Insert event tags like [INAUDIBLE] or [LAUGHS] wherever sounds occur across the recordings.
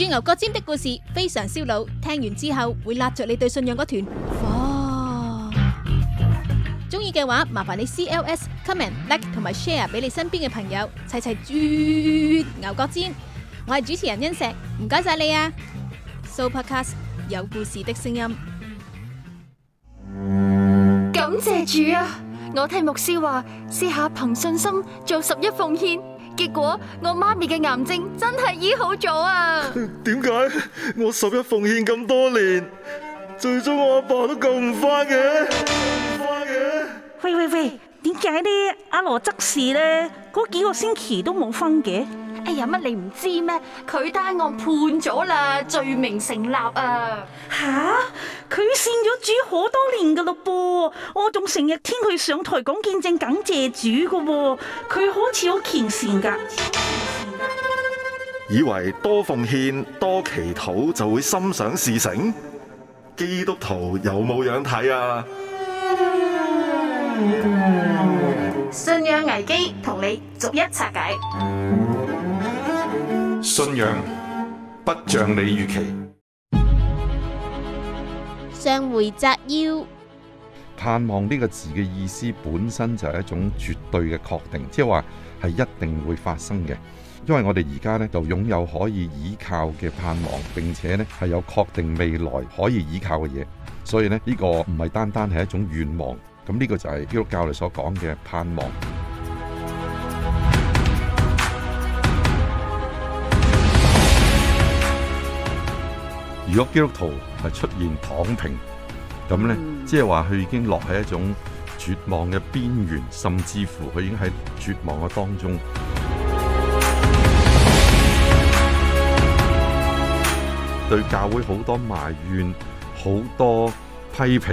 鑽牛角尖的故事非常燒腦，聽完之後會拉著你對信仰嗰團火。中意嘅話，麻煩你 CLS、comment、like 同埋 share 俾你身邊嘅朋友，齊齊鑽牛角尖。我係主持人恩石，唔該晒你啊！Sooopodcast 有故事的聲音，感謝主啊！我聽牧師話，試下憑信心做十一奉獻。結果我媽咪嘅癌症真係醫好咗啊！點解我十一奉獻咁多年，最終我阿爸都救唔翻嘅？救唔翻嘅！喂喂喂，點解呢？阿羅執事呢？嗰幾個星期都冇分嘅？哎呀，乜你唔知咩？佢單案判咗啦，罪名成立啊！主好多年噶咯噃，我仲成日聽佢上台講見證，感謝主噶，佢好似好虔善噶。以為多奉獻多祈禱就會心想事成，基督徒有冇樣睇啊？信仰危機同你逐一拆解，信仰不像你預期。上回摘要，盼望呢個字嘅意思本身就係一種絕對嘅確定，即係話係一定會發生嘅。因為我哋而家呢，就擁有可以倚靠嘅盼望，並且呢係有確定未來可以倚靠嘅嘢，所以呢，呢個唔係單單係一種願望，咁呢個就係基督教嚟所講嘅盼望。如果基督徒係出現躺平，咁咧，即係話佢已經落喺一種絕望嘅邊緣，甚至乎佢已經喺絕望嘅當中，對教會好多埋怨、好多批評、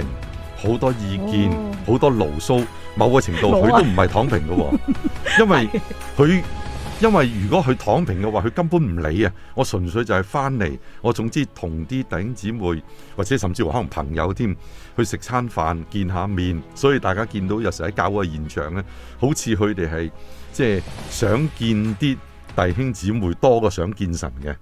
好多意見、好多牢騷，某個程度佢都唔係躺平嘅，因為佢。因為如果佢躺平嘅話，佢根本唔理啊！我純粹就係翻嚟，我總之同啲弟兄姊妹或者甚至乎可能朋友添去食餐飯，見下面，所以大家見到有時喺教會現場咧，好似佢哋係即係想見啲弟兄姊妹多過想見神嘅。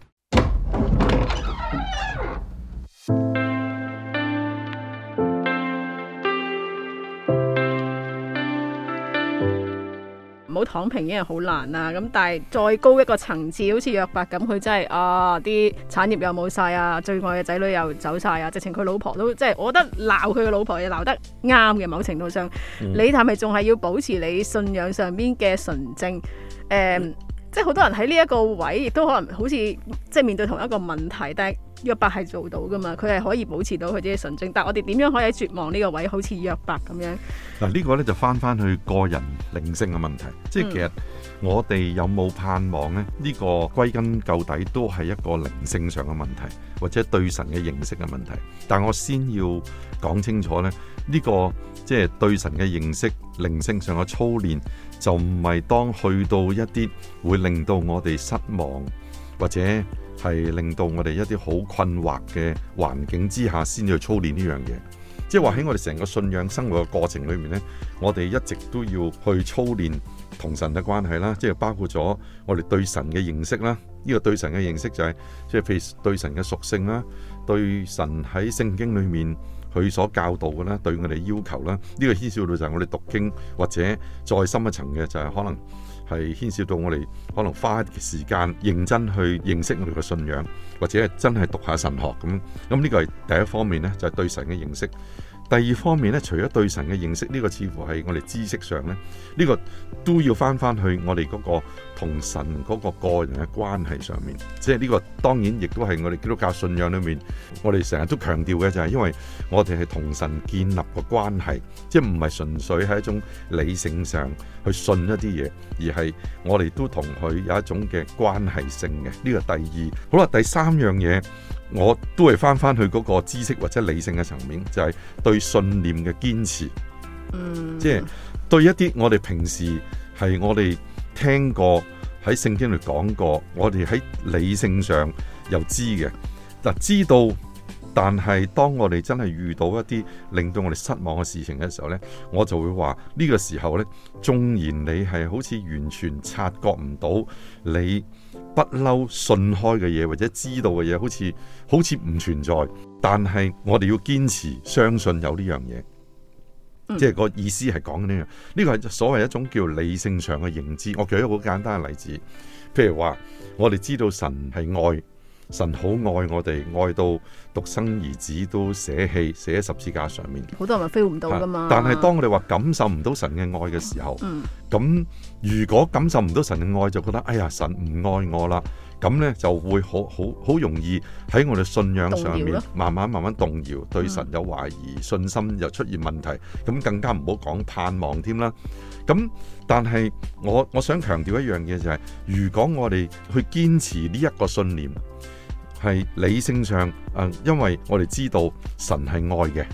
躺平已經係好難啦，咁但係再高一個層次，好似約伯咁，佢真係啊啲產業又冇晒啊，最愛嘅仔女又走晒啊，直情佢老婆都即係，我覺得鬧佢嘅老婆，又鬧得啱嘅，某程度上，嗯、你係咪仲係要保持你信仰上邊嘅純正？誒、嗯嗯，即係好多人喺呢一個位，亦都可能好似即係面對同一個問題，但係。約伯係做到㗎嘛？佢係可以保持到佢自己嘅純正，但係我哋點樣可以喺絕望呢個位好似約伯咁樣？嗱、這個，呢個咧就返返去個人靈性嘅問題，嗯、即係其實我哋有冇盼望呢？呢、這個歸根究底都係一個靈性上嘅問題，或者對神嘅認識嘅問題。但我先要講清楚呢，呢、這個即係、就是、對神嘅認識，靈性上嘅操練，就唔係當去到一啲會令到我哋失望或者。係令到我哋一啲好困惑嘅環境之下，先去操練呢樣嘢。即係話喺我哋成個信仰生活嘅過程裏面呢，我哋一直都要去操練同神嘅關係啦。即係包括咗我哋對神嘅認識啦。呢個對神嘅認識就係即係譬如對神嘅屬性啦，對神喺聖經裏面佢所教導嘅啦，對我哋要求啦。呢個牽涉到就係我哋讀經或者再深一層嘅就係可能。係牽涉到我哋可能花一啲時間認真去認識我哋嘅信仰，或者係真係讀一下神學咁。咁呢個係第一方面呢，就係對神嘅認識。第二方面咧，除咗對神嘅認識，呢個似乎係我哋知識上咧，呢個都要翻翻去我哋嗰個同神嗰個個人嘅關係上面。即係呢個當然亦都係我哋基督教信仰裏面，我哋成日都強調嘅就係，因為我哋係同神建立個關係，即係唔係純粹喺一種理性上去信一啲嘢，而係我哋都同佢有一種嘅關係性嘅。呢個第二，好啦，第三樣嘢。我都係翻翻去嗰個知識或者理性嘅層面，就係、是、對信念嘅堅持，嗯，即、就、係、是、對一啲我哋平時係我哋聽過喺聖經裏講過，我哋喺理性上又知嘅嗱，知道。但係，當我哋真係遇到一啲令到我哋失望嘅事情嘅時候，呢我就會話呢、呢個時候呢，縱然你係好似完全察覺唔到，你不嬲信開嘅嘢或者知道嘅嘢，好似好似唔存在，但係我哋要堅持相信有呢樣嘢，即、嗯、係、即係、個意思係講呢樣。呢、呢個係所謂一種叫理性上嘅認知。我舉一個好簡單嘅例子，譬如話我哋知道神係愛。神好愛我哋，愛到獨生兒子都捨棄，捨喺十字架上面。好多人咪 feel 唔到噶嘛？但係當我哋話感受唔到神嘅愛嘅時候，咁、嗯、如果感受唔到神嘅愛，就覺得哎呀，神唔愛我啦。咁呢，就會好好好容易喺我哋信仰上面慢慢慢慢動搖，對神有懷疑、嗯，信心又出現問題，咁更加唔好講盼望添啦。咁但係我我想強調一樣嘢就係、是，如果我哋去堅持呢一個信念。係理性上。誒，因為我哋知道神係愛嘅，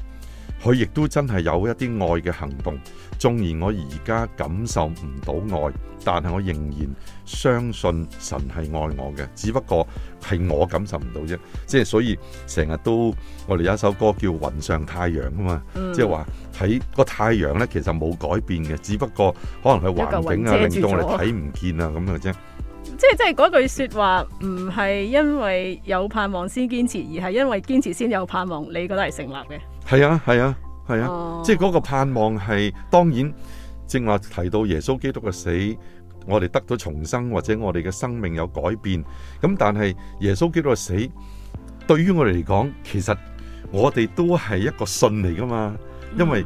佢亦都真係有一啲愛嘅行動。縱然我而家感受唔到愛，但係我仍然相信神係愛我嘅，只不過係我感受唔到啫。即係所以成日都，我哋有一首歌叫《雲上太陽》啊嘛，即係話喺個太陽呢，其實冇改變嘅，只不過可能佢環境啊，令到我哋睇唔見啊咁嘅啫。即係即係嗰句說話唔係因為有盼望先堅持，而係因為堅持先有盼望。你覺得係成立嘅？係啊係啊係啊，啊啊 oh. 即係嗰個盼望係當然正話提到耶穌基督嘅死，我哋得到重生或者我哋嘅生命有改變。咁但係耶穌基督嘅死對於我哋嚟講，其實我哋都係一個信嚟㗎嘛，因為。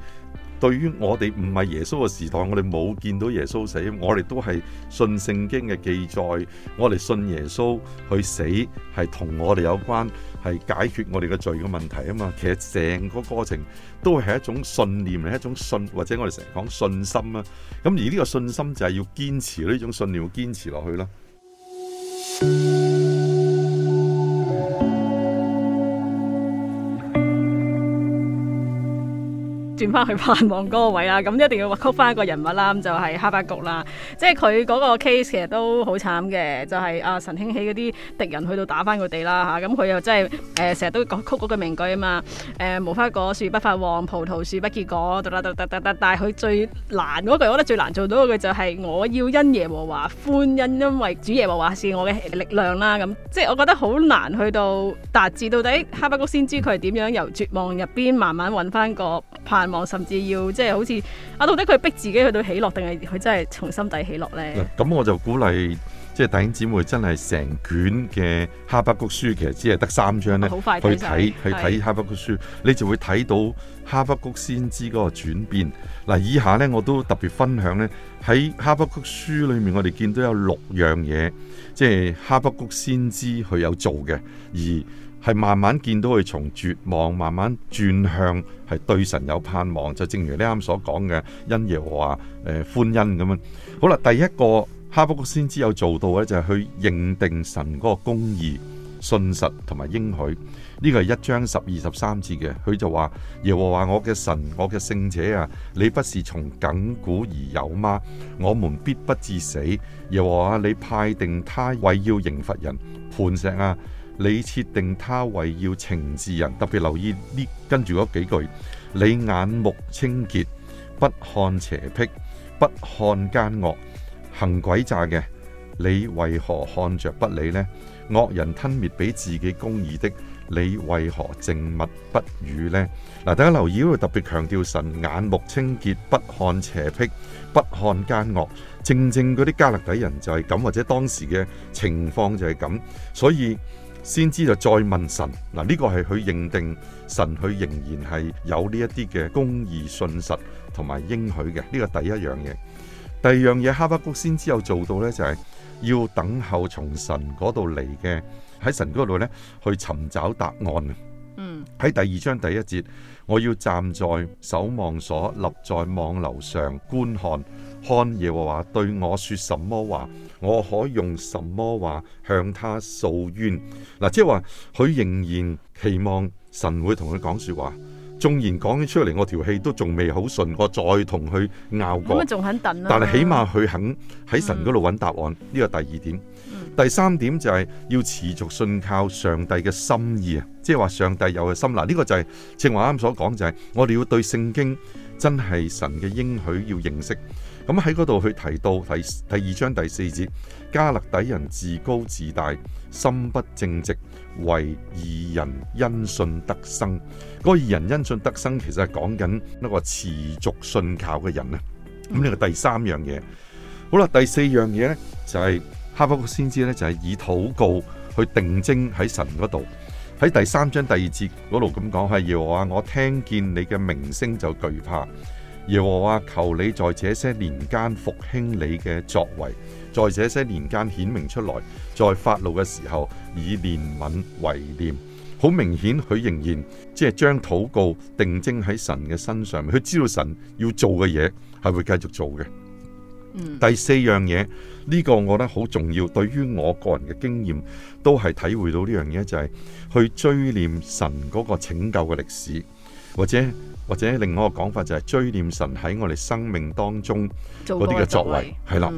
對於我哋唔係耶穌嘅時代，我哋冇見到耶穌死，我哋都係信聖經嘅記載，我哋信耶穌去死係同我哋有關，係解決我哋嘅罪嘅問題啊嘛。其實成個過程都係一種信念，係一種信或者我哋成日講信心啊。咁而呢個信心就係要堅持呢種信念要堅，堅持落去啦。翻去盼望嗰個位啦，咁一定要屈翻一個人物啦，咁就係、是、哈巴谷啦，即係佢嗰個 case 其實都好慘嘅，就係、是、啊神興起嗰啲敵人去到打翻佢哋啦吓，咁、啊、佢又真係誒成日都講屈嗰句名句啊嘛，誒、呃、無花果樹不發旺，葡萄樹不結果，但係佢最難嗰句，我覺得最難做到嘅就係我要因耶和華歡欣，因為主耶和華是我嘅力量啦，咁即係我覺得好難去到達至到底哈巴谷先知佢係點樣由絕望入邊慢慢搵翻個盼望。甚至要即係、就是、好似啊，到底佢逼自己去到喜樂，定係佢真係從心底喜樂咧？咁我就鼓勵，即係弟兄姊妹，真係成卷嘅《哈巴谷書》，其實只係得三章咧，好快，去睇去睇《哈巴谷書》，你就會睇到哈《哈巴谷、就是、谷先知》嗰個轉變。嗱，以下咧，我都特別分享咧，喺《哈巴谷書》裏面，我哋見到有六樣嘢，即係《哈巴谷先知》佢有做嘅，而。係慢慢見到佢從絕望慢慢轉向，係對神有盼望。就正如你啱所講嘅，因耶和華誒歡欣咁樣。好啦，第一個哈巴谷先知有做到咧，就係、是、去認定神嗰個公義、信實同埋應許。呢個係一章十二十三節嘅，佢就話：耶和華我嘅神，我嘅聖者啊，你不是從亙古而有嗎？我們必不致死。耶和華你派定他為要刑罰人、磐石啊！你設定他為要懲治人。特別留意呢，跟住嗰幾句。你眼目清潔，不看邪僻，不看奸惡，行詭詐嘅，你為何看着不理呢？惡人吞滅比自己公義的，你為何靜默不語呢？嗱，大家留意呢度特別強調神眼目清潔，不看邪僻，不看奸惡，正正嗰啲加勒底人就係咁，或者當時嘅情況就係咁，所以。先知就再問神嗱，呢個係佢認定神，佢仍然係有呢一啲嘅公義、信實同埋應許嘅，呢個第一樣嘢。第二樣嘢哈巴谷先知有做到呢，就係要等候從神嗰度嚟嘅，喺神嗰度呢，去尋找答案。嗯，喺第二章第一節，我要站在守望所，立在望樓上觀看。看耶和華對我說什麼話，我可用什麼話向他訴冤嗱？即係話佢仍然期望神會同佢講說話，縱然講起出嚟，我條氣都仲未好順，我再同佢拗過，仲肯等啊、但係起碼佢肯喺神嗰度揾答案呢個、嗯、第二點。第三點就係、是、要持續信靠上帝嘅心意啊，即係話上帝有嘅心嗱，呢、這個就係、是、正如我啱啱所講就係、是、我哋要對聖經真係神嘅應許要認識。咁喺嗰度佢提到第第二章第四節，加勒底人自高自大，心不正直，惟義人因信得生。嗰個義人因信得生，其實，係講緊一個持續信靠嘅人啊。咁呢個第三樣嘢，好啦，第四樣嘢呢，就係哈巴谷先知呢，就係以禱告去定睛喺神嗰度。喺第三章第二節嗰度咁講係話，我聽見你嘅名聲就懼怕。耶和華求你在這些年間復興你嘅作為，在這些年間顯明出來，在發怒嘅時候以憐憫為念。好明顯，佢仍然即係將禱告定睛喺神嘅身上面。佢知道神要做嘅嘢係會繼續做嘅。嗯，第四樣嘢呢個我覺得好重要，對於我個人嘅經驗都係體會到呢樣嘢就係、是、去追念神嗰個拯救嘅歷史，或者。或者另外一個講法就係追念神喺我哋生命當中嗰啲嘅作為，係啦。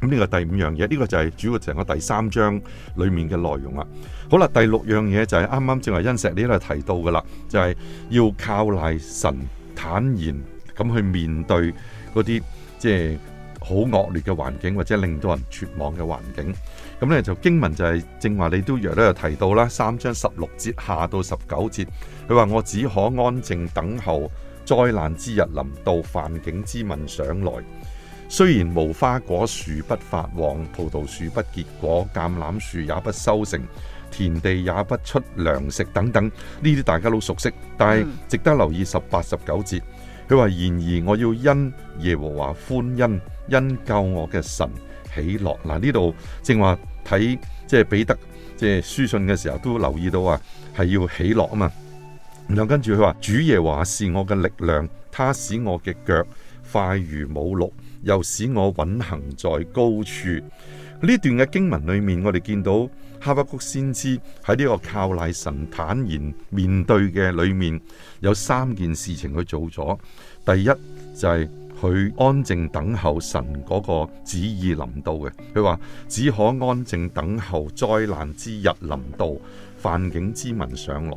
咁呢個第五樣嘢，呢個就係主要成個第三章裡面嘅內容啦。好啦，第六樣嘢就係啱啱正話恩石呢度提到噶啦，就係要靠賴神坦然咁去面對嗰啲即係好惡劣嘅環境，或者令到人絕望嘅環境。咁咧就經文就係正話，你都約都有提到啦，三章十六節下到十九節，佢話我只可安靜等候災難之日臨到，犯境之民上來。雖然無花果樹不發旺，葡萄樹不結果，橄欖樹也不收成，田地也不出糧食等等，呢啲大家都熟悉。但係值得留意十八十九節，佢話然而我要因耶和華歡欣，因救我嘅神喜樂。嗱呢度正話。喺即係彼得即係書信嘅時候都留意到啊，係要喜樂啊嘛，然後跟住佢話主耶華是我嘅力量，他使我嘅腳快如母鹿，又使我穩行在高處。呢段嘅經文裏面，我哋見到。哈巴谷先知喺呢個靠賴神坦然面對嘅裏面，有三件事情佢做咗。第一就係佢安靜等候神嗰個旨意臨到嘅。佢話只可安靜等候災難之日臨到，犯境之民上來。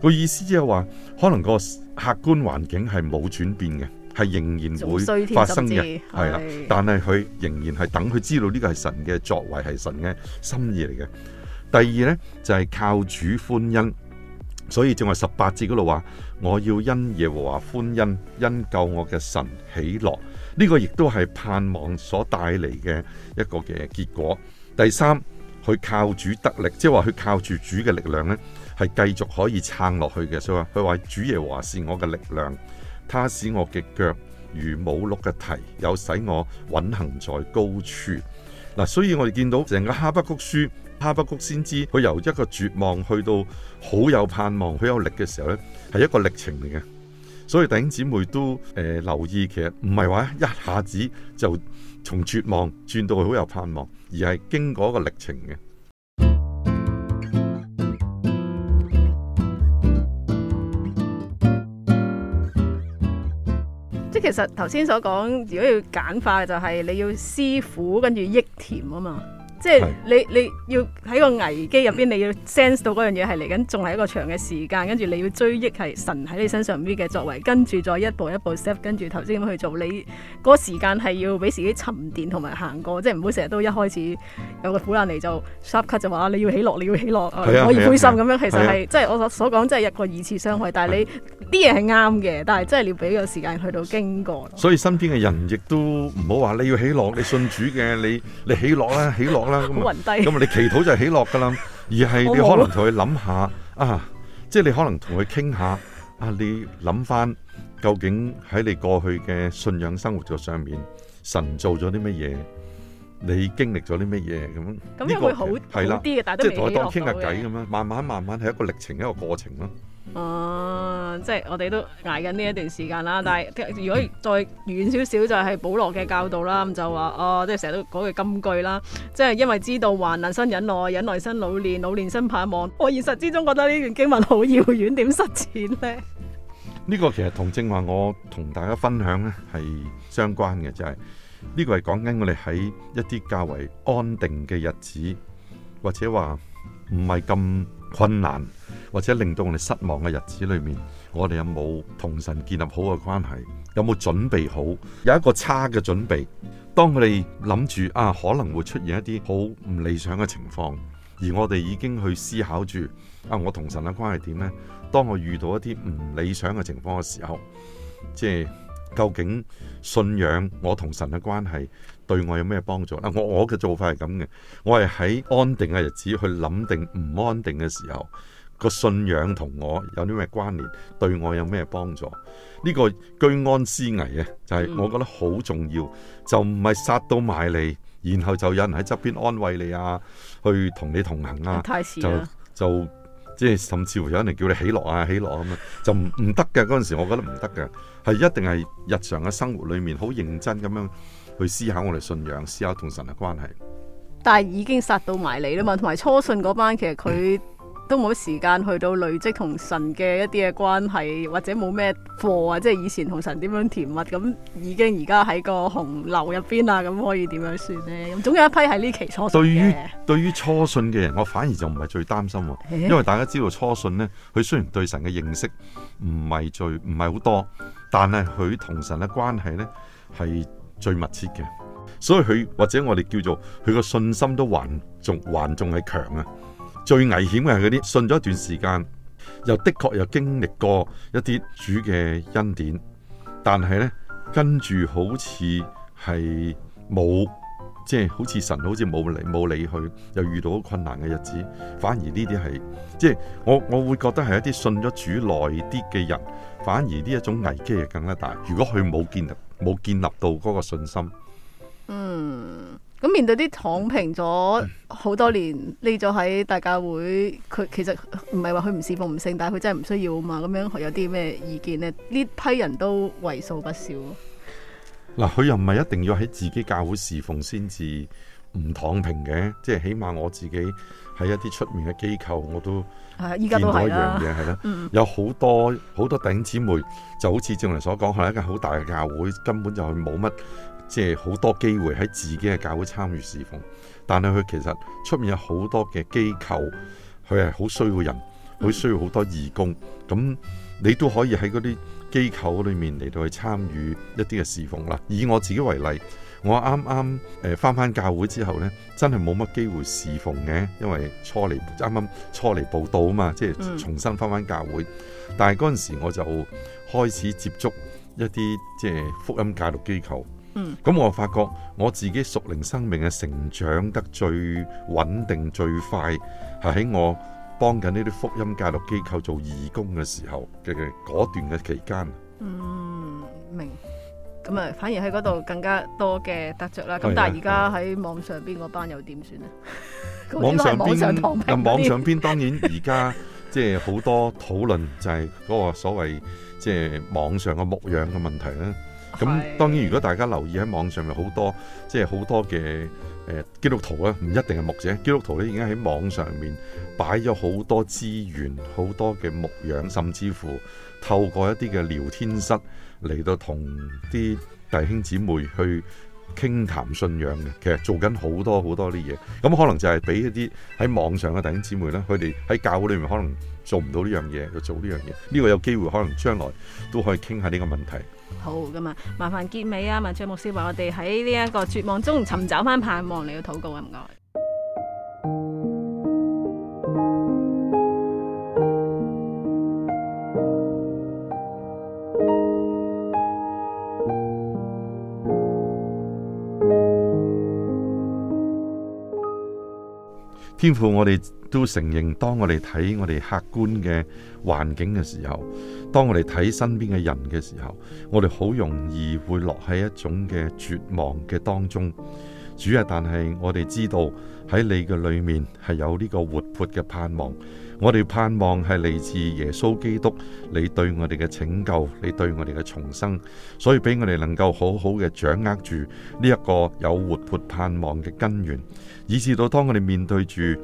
個意思即係話，可能個客觀環境係冇轉變嘅。係仍然會發生嘅，係啦，但係佢仍然係等，佢知道呢個係神嘅作為，係神嘅心意嚟嘅。第二呢，就係靠主歡欣，所以正話十八節嗰度話：我要因耶和華歡欣，因救我嘅神喜樂。呢個亦都係盼望所帶嚟嘅一個嘅結果。第三，佢靠主得力，即係話佢靠住主嘅力量呢，係繼續可以撐落去嘅。所以話佢話主耶和華是我嘅力量。它使我嘅腳如母鹿嘅蹄，又使我穩行在高處。嗱，所以我哋見到成個哈巴谷書，哈巴谷先知，佢由一個絕望去到好有盼望、好有力嘅時候呢，係一個歷程嚟嘅。所以弟兄姊妹都誒、呃、留意，其實唔係話一下子就從絕望轉到好有盼望，而係經過一個歷程嘅。其實頭先所講，如果要簡化，就係你要師傅跟住益田啊嘛。即係你你要喺個危機入邊，你要 sense 到樣嘢係嚟緊，仲係一個長嘅時間，跟住你要追憶係神喺你身上邊嘅作為，跟住再一步一步 step，跟住頭先咁去做，你個時間係要俾自己沉澱同埋行過。即係唔好成日都一開始有個苦難嚟，就 sharp cut 就話你要起落，你要起落，我要灰心咁樣，啊啊啊啊、其實係即係我所講即係一個二次傷害。但係你啲嘢係啱嘅，但係真係你要俾個時間去到經過，所以身邊嘅人亦都唔好話你要起落，你信主嘅，你你起落啦，起落啦。 [LAUGHS] 好暈低。咁啊，你祈禱就係起落噶啦，而係你可能同佢諗下啊，即係你可能同佢傾下啊，你諗翻究竟喺你過去嘅信仰生活上面，神做咗啲乜嘢，你經歷咗啲乜嘢咁，咁又會好啲嘅，但係即係同佢當傾下偈咁樣，慢慢慢慢係一個歷程，一個過程咯。嗯、哦，即係我哋都挨緊呢一段時間啦，但係如果再遠少少就係保羅嘅教導啦，咁就話哦，即係成日都嗰句金句啦，即係因為知道患難生忍耐，忍耐生老練，老練生盼望。我現實之中覺得呢段經文好遙遠，點實踐呢？呢、這個其實同正話我同大家分享呢係相關嘅，就係、是、呢個係講緊我哋喺一啲較為安定嘅日子，或者話唔係咁。困難或者令到我哋失望嘅日子裏面，我哋有冇同神建立好嘅關係？有冇準備好，有一個差嘅準備。當佢哋諗住啊，可能會出現一啲好唔理想嘅情況，而我哋已經去思考住啊，我同神嘅關係點呢？當我遇到一啲唔理想嘅情況嘅時候，即係究竟信仰我同神嘅關係？對我有咩幫助？嗱，我我嘅做法係咁嘅，我係喺安定嘅日子去諗定唔安定嘅時候，個信仰同我有啲咩關聯？對我有咩幫助？呢個居安思危啊，就係我覺得好重要。嗯、就唔係殺到埋你，然後就有人喺側邊安慰你啊，去同你同行啊，就就即係甚至乎有人叫你喜樂啊，喜樂咁啊，就唔唔得嘅嗰陣時，我覺得唔得嘅，係一定係日常嘅生活裏面好認真咁樣。去思考我哋信仰，思考同神嘅關係。但係已經殺到埋嚟啦嘛，同埋初信嗰班，其實佢都冇時間去到累積同神嘅一啲嘅關係，嗯，或者冇咩貨啊，即係以前同神點樣甜蜜，咁已經而家喺個洪流入邊啊，咁可以點樣算咧？咁總有一批喺呢期初信。對於對於初信嘅人，我反而就唔係最擔心，因為大家知道初信咧，佢雖然對神嘅認識唔係最唔係好多，但係佢同神嘅關係咧係最密切嘅，所以佢或者我哋叫做佢個信心都還仲還仲係強啊。最危險嘅係嗰啲信咗一段時間，又的確又經歷過一啲主嘅恩典，但係咧跟住好似係冇，即係好似神好似冇理冇理佢，又遇到困難嘅日子，反而呢啲係即係我我會覺得係一啲信咗主耐啲嘅人，反而呢一種危機係更加大。如果佢冇建立。冇建立到嗰個信心。嗯，咁面對啲躺平咗好多年，匿咗喺大教會，佢其實唔係話佢唔侍奉唔勝，但係佢真係唔需要啊嘛。咁樣佢有啲咩意見呢？呢批人都為數不少。嗱、啊，佢又唔係一定要喺自己教會侍奉先至唔躺平嘅，即係起碼我自己喺一啲出面嘅機構，我都見到一樣嘢係啦。有好多好多頂姊妹，就好似正如所講，係一個好大嘅教會，根本就係冇乜，即係好多機會喺自己嘅教會參與侍奉。但係佢其實出面有好多嘅機構，佢係好需要人，好需要好多義工。咁、嗯、你都可以喺嗰啲機構裏面嚟到去參與一啲嘅侍奉啦。以我自己為例。我啱啱誒翻翻教會之後呢，真係冇乜機會侍奉嘅，因為初嚟啱啱初嚟報到啊嘛，即係重新翻翻教會。嗯、但係嗰陣時我就開始接觸一啲即係福音教育機構。嗯，咁我發覺我自己屬靈生命嘅成長得最穩定、最快，係喺我幫緊呢啲福音教育機構做義工嘅時候嘅嗰段嘅期間。嗯，明。咁啊，反而喺嗰度更加多嘅得着啦。咁但係而家喺網上邊嗰班又點算咧？網上邊咁 [LAUGHS] 網上邊，當然而家即係好多討論就係嗰個所謂即係網上嘅牧養嘅問題啦。咁當然如果大家留意喺網上面好多即係好多嘅誒基督徒咧，唔一定係牧者。基督徒咧而家喺網上面擺咗好多資源，好多嘅牧養，甚至乎透過一啲嘅聊天室。嚟到同啲弟兄姊妹去傾談信仰嘅，其實做緊好多好多啲嘢，咁可能就係俾一啲喺網上嘅弟兄姊妹啦，佢哋喺教會裏面可能做唔到呢樣嘢，去做呢樣嘢。呢個有機會可能將來都可以傾下呢個問題。好嘅嘛，麻煩結尾啊，天和牧師話我哋喺呢一個絕望中尋找翻盼望嚟去禱告啊，唔該。天父，我哋都承認，當我哋睇我哋客觀嘅環境嘅時候，當我哋睇身邊嘅人嘅時候，我哋好容易會落喺一種嘅絕望嘅當中。主啊，但係我哋知道喺你嘅裏面係有呢個活潑嘅盼望。我哋盼望係嚟自耶穌基督，你對我哋嘅拯救，你對我哋嘅重生，所以俾我哋能夠好好嘅掌握住呢一個有活潑盼望嘅根源，以至到當我哋面對住誒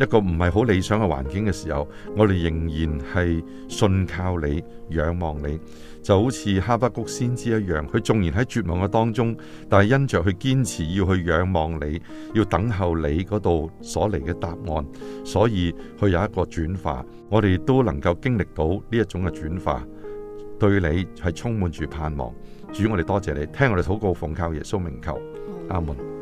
一個唔係好理想嘅環境嘅時候，我哋仍然係信靠你，仰望你。就好似哈巴谷先知一樣，佢縱然喺絕望嘅當中，但係因着佢堅持要去仰望你，要等候你嗰度所嚟嘅答案，所以佢有一個轉化。我哋都能夠經歷到呢一種嘅轉化，對你係充滿住盼望。主，我哋多謝你，聽我哋禱告，奉靠耶穌名求，阿門。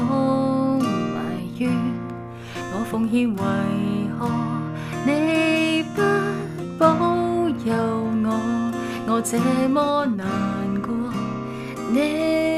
埋怨我奉獻，為何你不保佑我？我這麼難過，你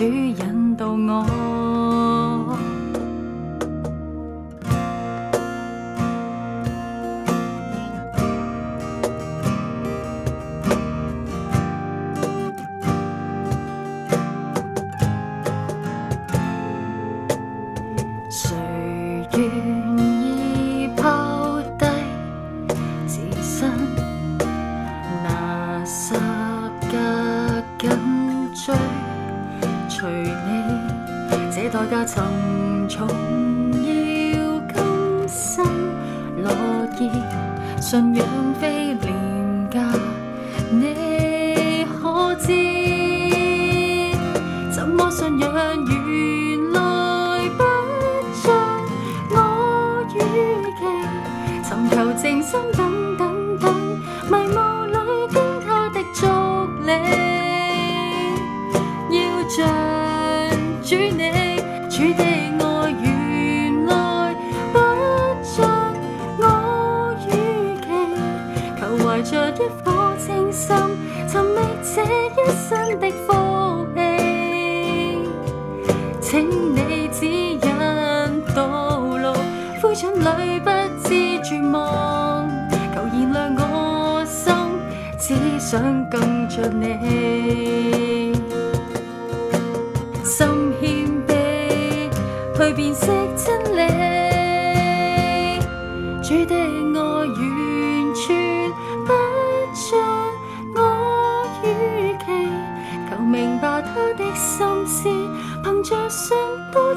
主引導我。代價沉重，要今生落葉，信仰飛。請你指引道路，灰燼裏不知絕望，求燃亮我心，只想跟着你。